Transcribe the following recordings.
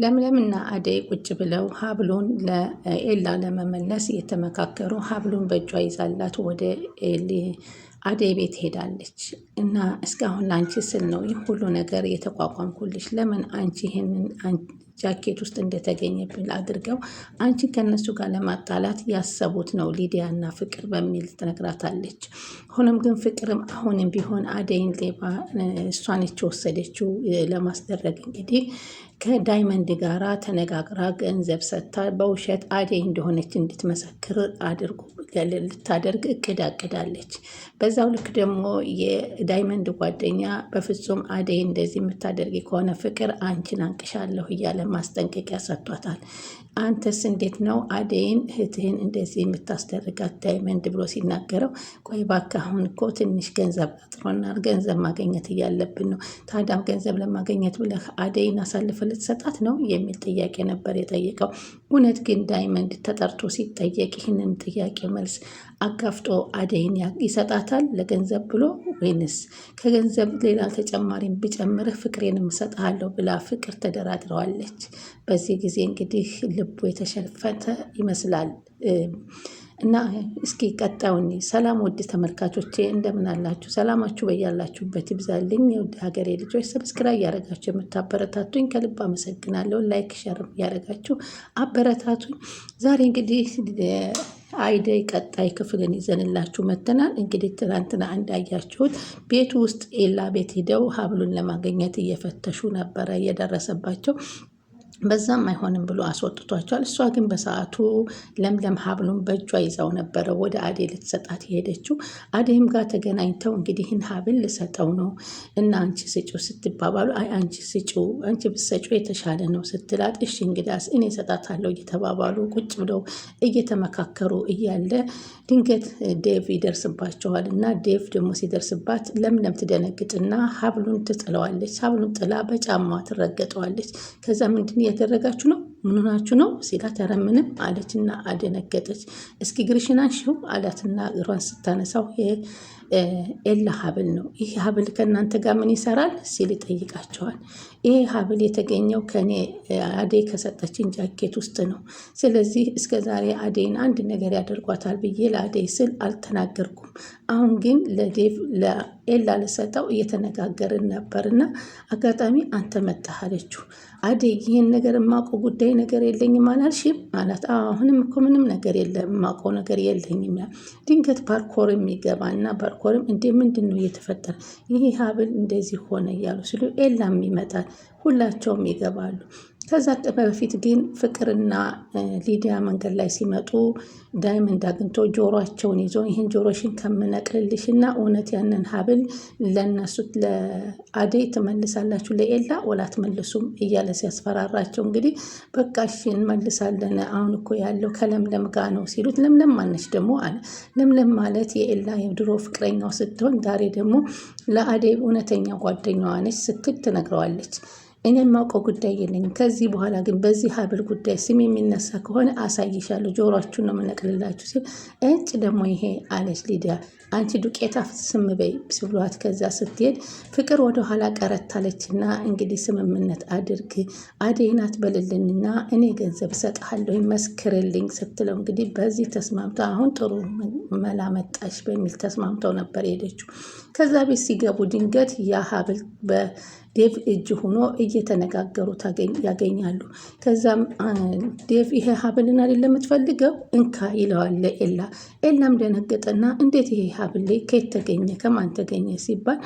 ለምለምና አደይ ቁጭ ብለው ሀብሉን ለኤላ ለመመለስ እየተመካከሩ ሀብሉን በእጇ ይዛላት ወደ አደይ ቤት ሄዳለች እና እስካሁን ለአንቺ ስል ነው ይህ ሁሉ ነገር የተቋቋምኩልሽ። ለምን አንቺ ይህንን ጃኬት ውስጥ እንደተገኘብል አድርገው አንቺን ከነሱ ጋር ለማጣላት ያሰቡት ነው ሊዲያና ፍቅር በሚል ትነግራታለች። ሆኖም ግን ፍቅርም አሁንም ቢሆን አደይን ሌባ እሷን የወሰደችው ለማስደረግ እንግዲህ ከዳይመንድ ጋራ ተነጋግራ ገንዘብ ሰጥታ በውሸት አደይ እንደሆነች እንድትመሰክር አድርጉ ልታደርግ እቅድ አቅዳለች። በዛው ልክ ደግሞ የዳይመንድ ጓደኛ በፍጹም አደይ እንደዚህ የምታደርግ ከሆነ ፍቅር አንቺን አንቅሻለሁ እያለ ማስጠንቀቂያ ሰጥቷታል። አንተስ እንዴት ነው አደይን እህትህን እንደዚህ የምታስደርጋት ዳይመንድ ብሎ ሲናገረው፣ ቆይ እባክህ አሁን እኮ ትንሽ ገንዘብ አጥሮናል፣ ገንዘብ ማገኘት እያለብን ነው። ታዳም ገንዘብ ለማገኘት ብለህ አደይን አሳልፈ ልትሰጣት ነው የሚል ጥያቄ ነበር የጠየቀው። እውነት ግን ዳይመንድ ተጠርቶ ሲጠየቅ ይህንን ጥያቄ መልስ አጋፍጦ አደይን ይሰጣታል ለገንዘብ ብሎ ወይንስ ከገንዘብ ሌላ ተጨማሪም ብጨምርህ ፍቅሬንም እሰጥሃለሁ ብላ ፍቅር ተደራድረዋለች። በዚህ ጊዜ እንግዲህ ልቡ የተሸፈተ ይመስላል። እና እስኪ ቀጣዩን ሰላም ውድ ተመልካቾቼ እንደምን አላችሁ? ሰላማችሁ በያላችሁበት ይብዛልኝ። የውድ ሀገሬ ልጆች ሰብስክራይብ እያደረጋችሁ የምታበረታቱኝ ከልብ አመሰግናለሁ። ላይክ ሸር እያደረጋችሁ አበረታቱኝ። ዛሬ እንግዲህ አይደይ ቀጣይ ክፍልን ይዘንላችሁ መተናል። እንግዲህ ትናንትና እንዳያችሁት ቤቱ ውስጥ ኤላ ቤት ሂደው ሀብሉን ለማገኘት እየፈተሹ ነበረ እየደረሰባቸው። በዛም አይሆንም ብሎ አስወጥቷቸዋል። እሷ ግን በሰዓቱ ለምለም ሀብሉን በእጇ ይዛው ነበረ ወደ አዴ ልትሰጣት የሄደችው። አዴም ጋር ተገናኝተው እንግዲህ ይህን ሀብል ልሰጠው ነው እና አንቺ ስጪው ስትባባሉ፣ አይ አንቺ ስጪው አንቺ ብትሰጪው የተሻለ ነው ስትላት፣ እሺ እንግዳስ እኔ እሰጣታለሁ እየተባባሉ ቁጭ ብለው እየተመካከሩ እያለ ድንገት ዴቭ ይደርስባቸዋል እና ዴቭ ደግሞ ሲደርስባት ለምለም ትደነግጥና ሀብሉን ትጥለዋለች። ሀብሉን ጥላ በጫማ ትረገጠዋለች። ከዛ ምንድን እያደረጋችሁ ነው? ምን ሆናችሁ ነው ሲላት፣ ኧረ ምንም አለችና አደነገጠች። እስኪ ግርሽናን ሽው አላትና እግሯን ስታነሳው ኤላ ሀብል ነው። ይህ ሀብል ከእናንተ ጋር ምን ይሰራል ሲል ይጠይቃቸዋል። ይህ ሀብል የተገኘው ከኔ አዴ ከሰጠችን ጃኬት ውስጥ ነው። ስለዚህ እስከ ዛሬ አዴን አንድ ነገር ያደርጓታል ብዬ ለአዴ ስል አልተናገርኩም። አሁን ግን ለዴቭ ለኤላ ልሰጠው እየተነጋገርን ነበር እና አጋጣሚ አንተ መጣህ አለችው። ይህን ነገር የማውቀው ጉዳይ ነገር የለኝም አላልሽም? ማለት አሁንም እኮ ምንም ነገር የለም የማውቀው ነገር የለኝም ድንገት ፓርኮር የሚገባ እና ፓርኮር ናኮርም እንዴ ምንድን ነው እየተፈጠረ ይህ ሀብል እንደዚህ ሆነ እያሉ ሲሉ ኤላም ይመጣል። ሁላቸውም ይገባሉ። ከዛ በፊት ግን ፍቅርና ሊዲያ መንገድ ላይ ሲመጡ ዳይመንድ አግኝቶ ጆሮቸውን ይዞ ይህን ጆሮሽን ከምነቅልልሽ እና እውነት ያንን ሀብል ለነሱት ለአደይ ትመልሳላችሁ ለኤላ ወላ አትመልሱም እያለ ሲያስፈራራቸው፣ እንግዲህ በቃ እሺ እንመልሳለን አሁን እኮ ያለው ከለምለም ጋ ነው ሲሉት፣ ለምለም ማነች ደግሞ አለ። ለምለም ማለት የኤላ የድሮ ፍቅረኛው ስትሆን ዛሬ ደግሞ ለአደይ እውነተኛ ጓደኛዋ ነች ስትል ትነግረዋለች። እኔ የማውቀው ጉዳይ የለኝም። ከዚህ በኋላ ግን በዚህ ሀብል ጉዳይ ስም የሚነሳ ከሆነ አሳይሻለሁ፣ ጆሮችሁን ነው የምነቅልላችሁ ሲል እጭ ደግሞ ይሄ አለች ሊዲያ። አንቺ ዱቄታ ስም በይ ብሏት ከዛ ስትሄድ ፍቅር ወደ ኋላ ቀረት አለችና እንግዲህ ስምምነት አድርግ አደይናት በልልንና እኔ ገንዘብ እሰጥሃለሁ መስክርልኝ ስትለው እንግዲህ በዚህ ተስማምተው አሁን ጥሩ መላ መጣሽ በሚል ተስማምተው ነበር የሄደችው። ከዛ ቤት ሲገቡ ድንገት ያ ሀብል ዴቭ እጅ ሆኖ እየተነጋገሩ ያገኛሉ። ከዛም ዴቭ ይሄ ሀብልና ሌለ የምትፈልገው እንካ ይለዋል ለኤላ። ኤላም ደነገጠና እንዴት ይሄ ሀብል ከየት ተገኘ ከማን ተገኘ ሲባል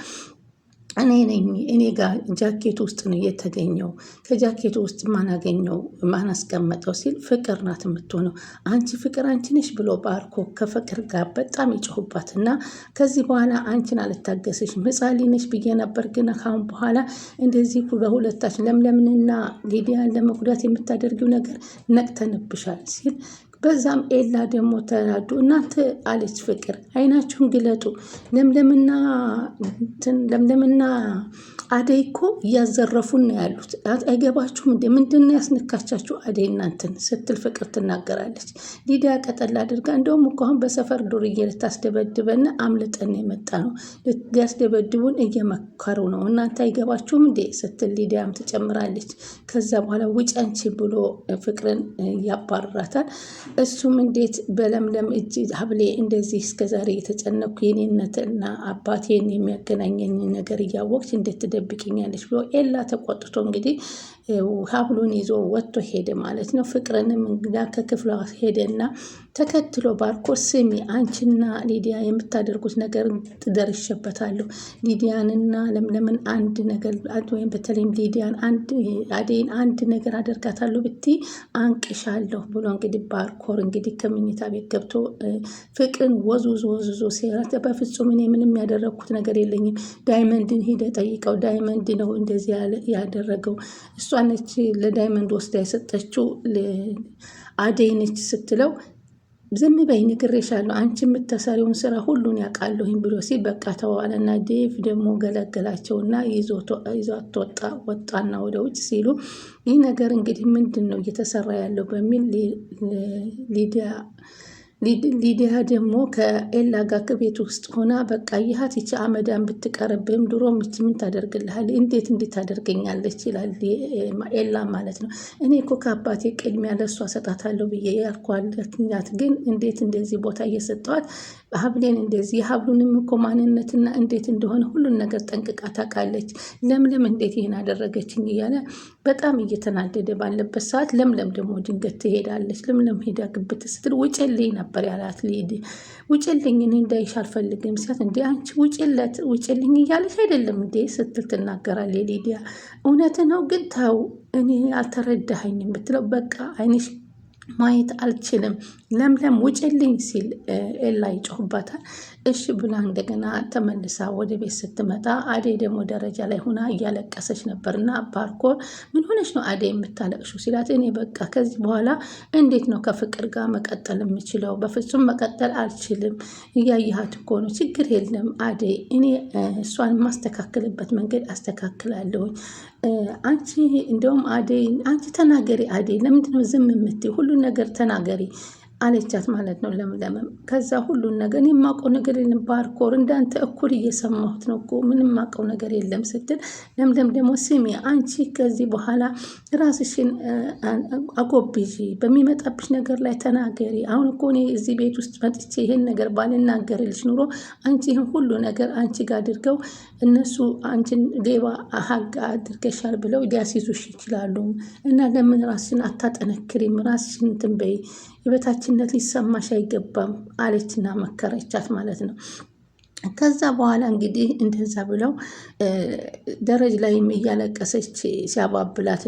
እኔ ነኝ እኔ ጋር ጃኬት ውስጥ ነው የተገኘው። ከጃኬት ውስጥ ማናገኘው ማናስቀመጠው ሲል ፍቅር ናት የምትሆነው። አንቺ ፍቅር አንቺ ነሽ ብሎ ባርኮ ከፍቅር ጋር በጣም እና ከዚህ በኋላ አንቺን አልታገስሽ ምጻሊ ነሽ ብዬ ነበር፣ ግን ካሁን በኋላ እንደዚህ በሁለታችን ለምለምንና ሊዲያን ለመጉዳት የምታደርጊው ነገር ነቅተንብሻል ሲል በዛም ኤላ ደግሞ ተናዱ። እናንተ አለች ፍቅር አይናችሁን ግለጡ። ለምለምና ለምለምና አደይ እኮ እያዘረፉን ነው ያሉት፣ አይገባችሁም እንዴ? ምንድን ነው ያስነካቻችሁ አደይ እናንትን? ስትል ፍቅር ትናገራለች። ሊዲያ ቀጠል አድርጋ እንደውም እኮ አሁን በሰፈር ዱርዬ ልታስደበድበን አምልጠን የመጣ ነው ሊያስደበድቡን እየመከሩ ነው፣ እናንተ አይገባችሁም እንዴ? ስትል ሊዲያም ትጨምራለች። ከዛ በኋላ ውጭ አንቺ ብሎ ፍቅርን ያባርራታል። እሱም እንዴት በለምለም እጅ ሀብሌ እንደዚህ እስከዛሬ የተጨነኩ የኔነትና አባቴን የሚያገናኘኝ ነገር እያወቅች እንዴት ትደብቅኛለች ብሎ ኤላ ተቆጥቶ እንግዲህ ሀብሉን ይዞ ወጥቶ ሄደ ማለት ነው። ፍቅርንም እንግዳ ከክፍሏ ሄደና ተከትሎ ባርኮት ስሚ አንቺና ሊዲያ የምታደርጉት ነገር ትደርሸበታለሁ። ሊዲያንና ለምለምን አንድ ነገር ወይም በተለይም ሊዲያን አዴን አንድ ነገር አደርጋታለሁ ብቲ አንቅሻለሁ ብሎ እንግዲህ ባርኮር እንግዲህ ከመኝታ ቤት ገብቶ ፍቅርን ወዝውዞ ወዝውዞ ሲራት በፍጹም እኔ ምንም ያደረግኩት ነገር የለኝም። ዳይመንድን ሂደ ጠይቀው ዳይመንድ ነው እንደዚህ ያደረገው እሷ ነች ለዳይመንድ ወስዳ የሰጠችው አደይ ነች ስትለው ዝም በይ ንግሬሻለሁ፣ አንቺ የምትሰሪውን ስራ ሁሉን ያውቃለሁኝ ብሎ ሲል በቃ ተዋለና ዴቭ ደግሞ ገለገላቸውና ይዟት ወጣ ወጣና ወደ ውጭ ሲሉ ይህ ነገር እንግዲህ ምንድን ነው እየተሰራ ያለው በሚል ሊዲያ ሊዲያ ደግሞ ከኤላ ጋር ቤት ውስጥ ሆና በቃ ይሀት ይቺ አመዳን ብትቀርብም ድሮ ምች ምን ታደርግልሃል? እንዴት እንዴት ታደርገኛለች? ይላል ኤላ ማለት ነው። እኔ እኮ ከአባቴ ቅድሚያ ለእሷ ሰጣታለሁ ብዬ ያልኳለት ግን እንዴት እንደዚህ ቦታ እየሰጠዋት ሀብሌን እንደዚህ የሀብሉንም እኮ ማንነትና እንዴት እንደሆነ ሁሉን ነገር ጠንቅቃ ታውቃለች። ለምለም እንዴት ይህን አደረገችኝ? እያለ በጣም እየተናደደ ባለበት ሰዓት ለምለም ደግሞ ድንገት ትሄዳለች። ለምለም ሄዳ ግብት ስትል ውጭልኝ ነበር ነበር ያላት። ሊድ ውጭልኝ፣ እኔ እንዳይሽ አልፈልግም ሲያት፣ እንዲ አንቺ ውጭለት ውጭልኝ እያለች አይደለም እንዴ ስትል ትናገራለች ሊዲያ። እውነት ነው ግን ተው፣ እኔ አልተረዳኸኝም ብትለው፣ በቃ አይንሽ ማየት አልችልም፣ ለምለም ውጭልኝ ሲል ኤላ ይጮህባታል። እሺ ብላ እንደገና ተመልሳ ወደ ቤት ስትመጣ አዴ ደግሞ ደረጃ ላይ ሆና እያለቀሰች ነበር እና ባርኮ ምን ሆነች ነው አዴ የምታለቅሹ ሲላት፣ እኔ በቃ ከዚህ በኋላ እንዴት ነው ከፍቅር ጋር መቀጠል የምችለው? በፍጹም መቀጠል አልችልም። እያየሃት እኮ ነው። ችግር የለም አዴ እኔ እሷን የማስተካክልበት መንገድ አስተካክላለሁኝ። አንቺ እንደውም አደይ አንቺ ተናገሪ አደይ ለምንድነው ዝም የምትይው? ሁሉን ነገር ተናገሪ አለቻት ማለት ነው ለምለምም። ከዛ ሁሉን ነገር እኔ የማውቀው ነገር የለም ባርኮር እንዳንተ እኩል እየሰማሁት ነው እኮ ምንም የማውቀው ነገር የለም ስትል፣ ለምለም ደግሞ ስሚ አንቺ ከዚህ በኋላ ራስሽን አጎብዢ፣ በሚመጣብሽ ነገር ላይ ተናገሪ። አሁን እኮ እኔ እዚህ ቤት ውስጥ መጥቼ ይሄን ነገር ባልናገርልሽ ኑሮ አንቺ ይህን ሁሉ ነገር አንቺ ጋር አድርገው እነሱ አንቺን ሌባ ሀግ አድርገሻል ብለው ሊያስይዙሽ ይችላሉ እና ለምን ራስሽን አታጠነክሪም? ራስሽን ትንበይ የበታችነት ሊሰማሽ አይገባም አለችና መከረቻት ማለት ነው። ከዛ በኋላ እንግዲህ እንደዛ ብለው ደረጅ ላይም እያለቀሰች ሲያባብላት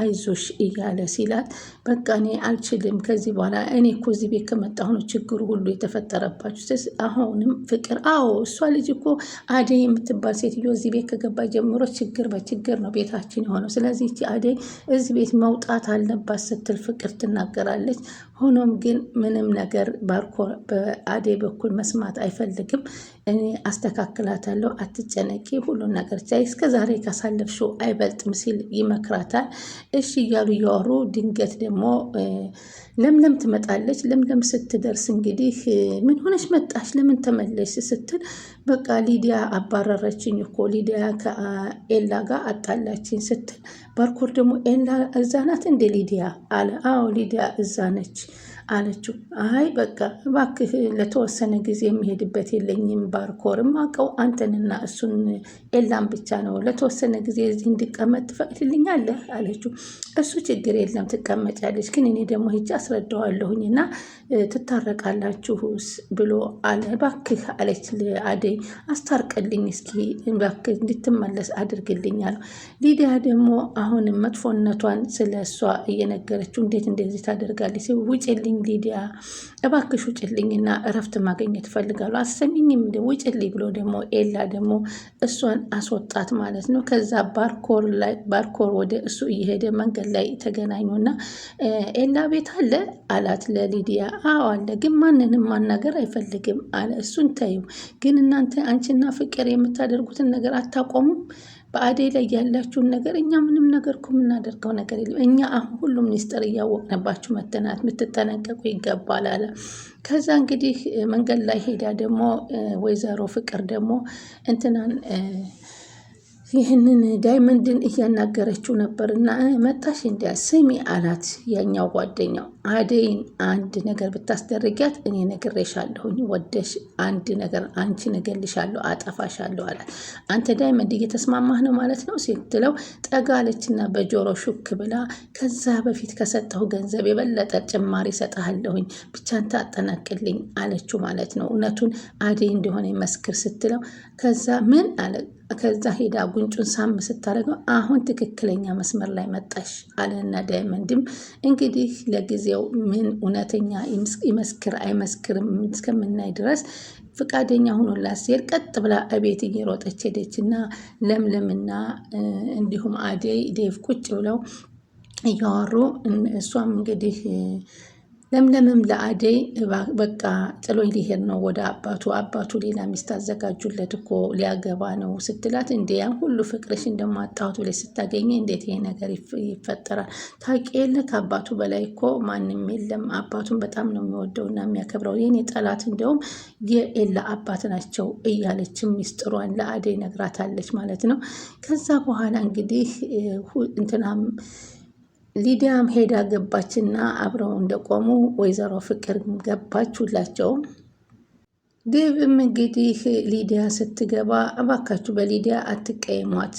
አይዞሽ እያለ ሲላት በቃ እኔ አልችልም ከዚህ በኋላ እኔ እኮ እዚህ ቤት ከመጣሁ ነው ችግሩ ሁሉ የተፈጠረባችሁ። አሁንም ፍቅር አዎ፣ እሷ ልጅ እኮ አደይ የምትባል ሴትዮ እዚህ ቤት ከገባ ጀምሮ ችግር በችግር ነው ቤታችን የሆነው። ስለዚህ አደይ እዚህ ቤት መውጣት አለባት ስትል ፍቅር ትናገራለች። ሆኖም ግን ምንም ነገር ባርኮ በአዴ በኩል መስማት አይፈልግም። እኔ አስተካክላታለሁ፣ አትጨነቂ፣ ሁሉን ነገር ቻይ፣ እስከ ዛሬ ካሳለፍሽው አይበልጥም ሲል ይመክራታል። እሺ እያሉ እያወሩ ድንገት ደግሞ ለምለም ትመጣለች። ለምለም ስትደርስ እንግዲህ ምን ሆነች መጣች ለምን ተመለሽ ስትል በቃ ሊዲያ አባረረችኝ እኮ ሊዲያ ከኤላ ጋር አጣላችኝ ስትል ባርኮር ደግሞ ኤላ እዛ ናት እንደ ሊዲያ አለ። አዎ ሊዲያ እዛ ነች። አለችው። አይ በቃ እባክህ ለተወሰነ ጊዜ የሚሄድበት የለኝም። ባርኮርም አውቀው አንተንና እሱን ኤላም ብቻ ነው። ለተወሰነ ጊዜ እዚህ እንድቀመጥ ትፈቅድልኛለህ? አለችው። እሱ ችግር የለም ትቀመጫለች፣ ግን እኔ ደግሞ ሂጅ አስረዳዋለሁኝ እና ትታረቃላችሁ ብሎ አለ። እባክህ አለች አደይ፣ አስታርቅልኝ እስኪ እባክህ እንድትመለስ አድርግልኛል። ሊዲያ ደግሞ አሁንም መጥፎነቷን ስለ እሷ እየነገረችው እንዴት እንደዚህ ታደርጋለች? ውጭልኝ አሰሚኝ ሊዲያ እባክሽ ውጭልኝና እረፍት ማግኘት ፈልጋሉ። አሰሚኝም ውጭልኝ ብሎ ደግሞ ኤላ ደግሞ እሷን አስወጣት ማለት ነው። ከዛ ባርኮር ወደ እሱ እየሄደ መንገድ ላይ ተገናኙና ኤላ ቤት አለ አላት ለሊዲያ። አዎ አለ፣ ግን ማንንም ማናገር አይፈልግም አለ። እሱን ተይው ግን እናንተ አንቺና ፍቅር የምታደርጉትን ነገር አታቆሙም በአዴ ላይ ያላችሁን ነገር እኛ ምንም ነገር እኮ የምናደርገው ነገር የለም። እኛ አሁን ሁሉም ሚስጥር እያወቅንባችሁ መተናት ምትጠነቀቁ ይገባል አለ። ከዛ እንግዲህ መንገድ ላይ ሄዳ ደግሞ ወይዘሮ ፍቅር ደግሞ እንትናን ይህንን ዳይመንድን እያናገረችው ነበር እና መጣሽ እንዲያ ስሚ አላት። ያኛው ጓደኛው አደይን አንድ ነገር ብታስደርጊያት እኔ ነግሬሻለሁኝ፣ ወደሽ አንድ ነገር አንቺ ነገልሻለሁ፣ አጠፋሻለሁ አላት። አንተ ዳይመንድ እየተስማማህ ነው ማለት ነው ስትለው ጠጋ አለችና በጆሮ ሹክ ብላ ከዛ በፊት ከሰጠሁ ገንዘብ የበለጠ ጭማሪ ሰጠሃለሁኝ፣ ብቻን ታጠናቅልኝ አለችው ማለት ነው። እውነቱን አደይ እንደሆነ መስክር ስትለው ከዛ ምን አለ ከዛ ሄዳ ጉንጩን ሳም ስታደርገው አሁን ትክክለኛ መስመር ላይ መጣሽ አለና ዳይመንድም እንግዲህ ለጊዜው ምን እውነተኛ ይመስክር አይመስክርም እስከምናይ ድረስ ፍቃደኛ ሆኖላት ሲሄድ ቀጥ ብላ እቤት እየሮጠች ሄደች እና ለምለምና እንዲሁም አደይ ዴቭ ቁጭ ብለው እያወሩ እሷም እንግዲህ ለምለምም ለአደይ በቃ ጥሎኝ ሊሄድ ነው ወደ አባቱ፣ አባቱ ሌላ ሚስት አዘጋጁለት እኮ ሊያገባ ነው ስትላት፣ እንዴ ያን ሁሉ ፍቅርሽ እንደማጣሁት ብለሽ ስታገኘ እንዴት ይሄ ነገር ይፈጠራል? ታውቂ የለ ከአባቱ በላይ እኮ ማንም የለም። አባቱን በጣም ነው የሚወደው እና የሚያከብረው። የኔ ጠላት እንደውም የኤላ አባት ናቸው እያለች ሚስጥሯን ለአደይ ነግራታለች ማለት ነው። ከዛ በኋላ እንግዲህ እንትናም ሊዲያም ሄዳ ገባችና አብረው እንደቆሙ ወይዘሮ ፍቅር ገባች። ሁላቸውም ዴቭም እንግዲህ ሊዲያ ስትገባ እባካችሁ በሊዲያ አትቀይሟት፣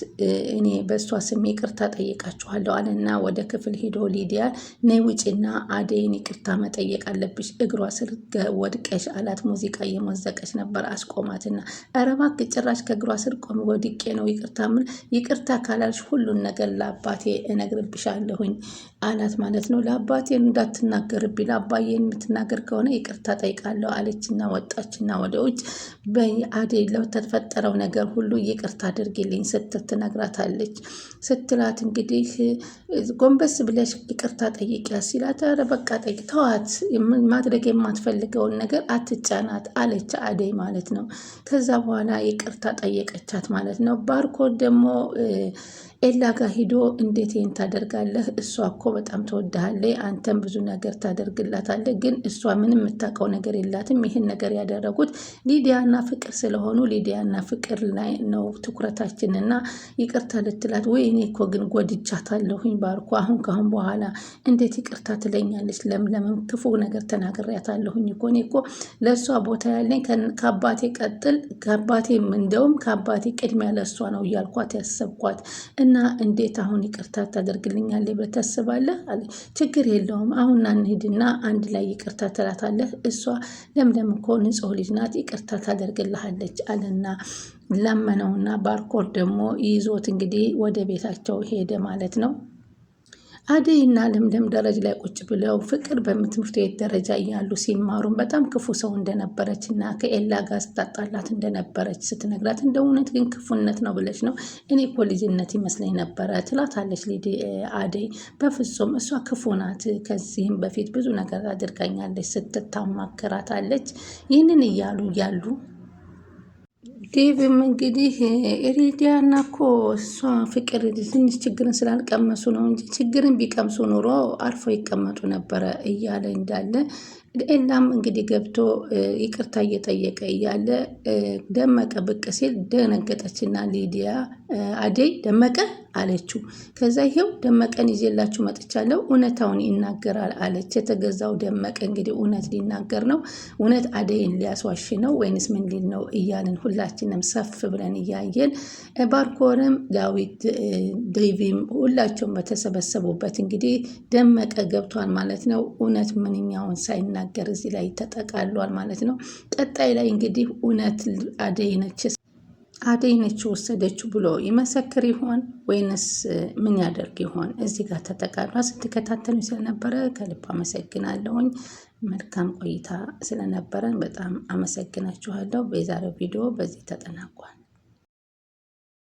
እኔ በእሷ ስም ይቅርታ ጠይቃችኋለሁ አለና ወደ ክፍል ሂዶ ሊዲያ ነይ ውጭና አደይን ይቅርታ መጠየቅ አለብሽ፣ እግሯ ስር ወድቀሽ አላት። ሙዚቃ እየሞዘቀች ነበር አስቆማትና፣ ኧረ እባክህ ጭራሽ ከእግሯ ስር ቆም ወድቄ ነው ይቅርታ ምን ይቅርታ ካላልሽ ሁሉን ነገር ለአባቴ እነግርብሻለሁኝ አላት ማለት ነው። ለአባቴ እንዳትናገርብኝ፣ ለአባዬ የምትናገር ከሆነ ይቅርታ ጠይቃለሁ አለችና ወጣችና ወደ ውጭ በአደይ ለተፈጠረው ነገር ሁሉ ይቅርታ አድርጊልኝ ስትል ትነግራታለች። ስትላት እንግዲህ ጎንበስ ብለሽ ይቅርታ ጠይቂያ ሲላት ኧረ በቃ ጠይቅ ተዋት፣ ማድረግ የማትፈልገውን ነገር አትጫናት አለች አደይ ማለት ነው። ከዛ በኋላ ይቅርታ ጠየቀቻት ማለት ነው። ባርኮት ደግሞ ኤላ ጋር ሂዶ እንዴት ይህን ታደርጋለህ? እሷ እኮ በጣም ተወድሃለች፣ አንተም ብዙ ነገር ታደርግላታለህ። ግን እሷ ምንም የምታውቀው ነገር የላትም። ይህን ነገር ያደረጉት ሊዲያና ፍቅር ስለሆኑ ሊዲያና ፍቅር ላይ ነው ትኩረታችንና ይቅርታ ልትላት ወይ እኔ እኮ ግን ጎድቻታለሁኝ ባርኮ፣ አሁን ካሁን በኋላ እንዴት ይቅርታ ትለኛለች? ለምለምም ክፉ ነገር ተናግሬያታለሁኝ እኮ እኔ እኮ ለእሷ ቦታ ያለኝ ከአባቴ ቀጥል ከአባቴም እንደውም ከአባቴ ቅድሚያ ለእሷ ነው እያልኳት ያሰብኳት እና እንዴት አሁን ይቅርታ ታደርግልኛለህ ብለህ ታስባለህ? አለ ችግር የለውም አሁን አንሄድና አንድ ላይ ይቅርታ ትላታለህ እሷ ለምለም እኮ ንጹህ ልጅ ናት ይቅርታ ታደርግልሃለች አለና ለመነውና ባርኮት ደግሞ ይዞት እንግዲህ ወደ ቤታቸው ሄደ ማለት ነው አደይና ለምለም ደረጃ ላይ ቁጭ ብለው ፍቅር በትምህርት ቤት ደረጃ እያሉ ሲማሩም በጣም ክፉ ሰው እንደነበረች እና ከኤላ ጋር ስታጣላት እንደነበረች ስትነግራት እንደ እውነት ግን ክፉነት ነው ብለች ነው እኔ እኮ ልጅነት ይመስለኝ ነበረ ትላታለች አደይ። በፍጹም እሷ ክፉ ናት፣ ከዚህም በፊት ብዙ ነገር አድርጋኛለች ስትታማክራታለች። ይህንን እያሉ እያሉ። ዴቭም እንግዲህ እና ኮ እሷ ፍቅር ትንሽ ችግርን ስላልቀመሱ ነው እንጂ ችግርን ቢቀምሱ ኑሮ አርፈው ይቀመጡ ነበረ እያለ እንዳለ ኤላም እንግዲህ ገብቶ ይቅርታ እየጠየቀ እያለ ደመቀ ብቅ ሲል ደነገጠችና ሊዲያ አደይ ደመቀ አለችው። ከዛ ይሄው ደመቀን ይዤላችሁ መጥቻለሁ እውነታውን ይናገራል አለች። የተገዛው ደመቀ እንግዲህ እውነት ሊናገር ነው፣ እውነት አደይን ሊያስዋሽ ነው ወይንስ ምን ሊል ነው እያልን ሁላችን ሁላችንም ሰፍ ብለን እያየን ባርኮርም፣ ዳዊት፣ ዴቪም ሁላቸውም በተሰበሰቡበት እንግዲህ ደመቀ ገብቷል ማለት ነው። እውነት ምንኛውን ሳይናገር እዚህ ላይ ተጠቃሏል ማለት ነው። ቀጣይ ላይ እንግዲህ እውነት አደይነች አደይ ነች ወሰደችው ብሎ ይመሰክር ይሆን ወይንስ ምን ያደርግ ይሆን? እዚህ ጋር ተጠቃዷ ስትከታተሉ ስለነበረ ከልብ አመሰግናለሁኝ። መልካም ቆይታ ስለነበረን በጣም አመሰግናችኋለሁ። የዛሬው ቪዲዮ በዚህ ተጠናቋል።